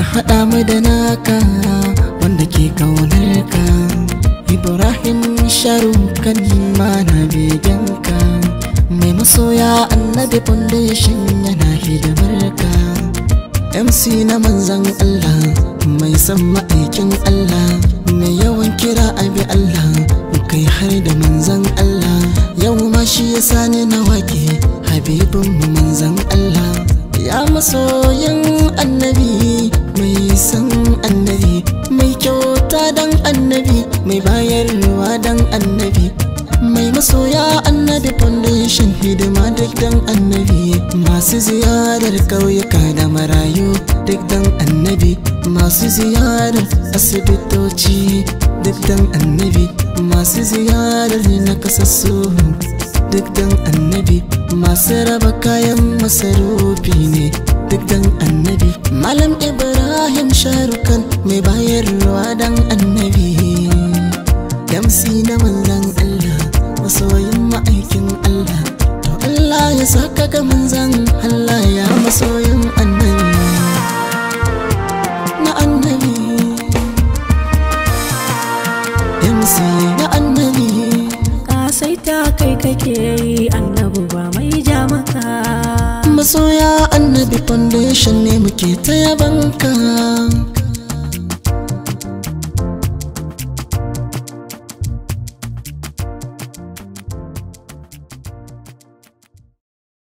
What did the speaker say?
ka haɗa mu da naka wanda ke kaunar ka ibrahim Sharum kan na begen ka mai masoya annabi foundation yana hidimar ka mc na manzan allah mai san ma'aikin allah mai yawan kira abi allah kai har da manzan allah yau ma shi ya sani na wake habibin manzan allah ya masoyin annabi san annabi mai kyauta dan annabi mai bayarwa dan annabi mai masoya annabi foundation hidima duk dan annabi masu ziyarar ƙauyuka da marayu duk dan annabi masu ziyarar asibitoci duk dan annabi masu ziyarar nakasassu duk dan annabi masu raba kayan masarufi Malam Ibrahim Sharukan mai ruwa dan annabi Yamsi na manzan Allah masoyin ma'aikin Allah To Allah ya saka ga manzan Allah ya masoyin annabi Na annabi Yamsi na annabi Ka saita kai kake yi annabu ba mai jamaka Masoya annabi kwanda station ne muke ta yabanka